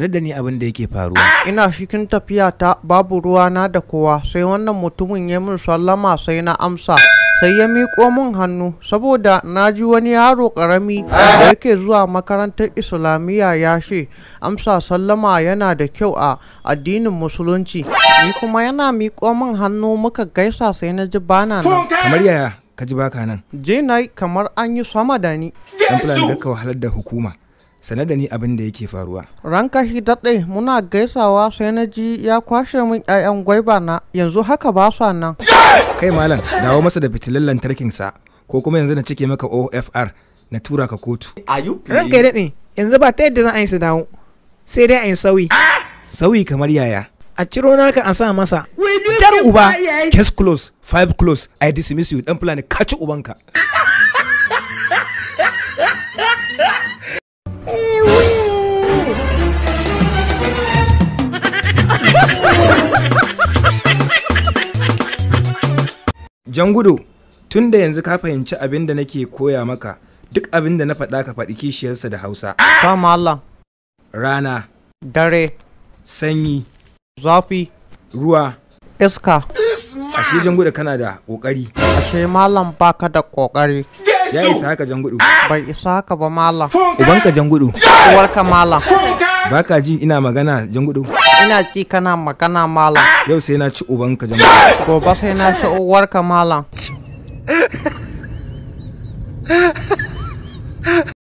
sanar da ni abin da yake faruwa ina cikin tafiya ta babu ruwa na da kowa sai wannan mutumin ya min sallama sai na amsa sai ya miƙo min hannu saboda na ji wani yaro ƙarami da yake zuwa makarantar islamiyya ya ce amsa sallama yana da kyau a addinin musulunci ni kuma yana miƙo min hannu muka gaisa sai na ji bana nan kamar yaya ka ji baka nan je na kamar an yi sama da ni dan fulani ka wahalar da hukuma sanar da ni abin da yake faruwa. Ranka shi daɗe muna gaisawa sai na ji ya kwashe min 'ya'yan gwaiba na yanzu haka ba sa nan. Kai malam dawo masa da fitilin lantarkinsa ko kuma yanzu na cike maka OFR na tura ka kotu. Ranka yi daɗe yanzu ba ta yadda zan a su dawo sai dai a yi sauyi. Ah! Sauyi kamar yaya? A ciro naka a sa masa. Jar uba. Case close, five close, I dismiss you, ɗan fulani, kaci ubanka. Jangudo, tun da yanzu ka fahimci abin da nake koya maka, duk abin da na faɗa ka faɗi kishiyarsa da Hausa. Kama Allah. Rana. Dare. Sanyi. Zafi. Ruwa. Iska. Ashe Jangudo kana da ƙoƙari. Ashe malam baka da ƙoƙari. Ya isa haka Jangudo. Bai isa haka ba malam. Ubanka Jangudo. Uwarka malam. Baka ji ina magana Jangudo. ina ci kana magana malam yau sai na ci ubanka jama'a gobe sai na ci uwarka malam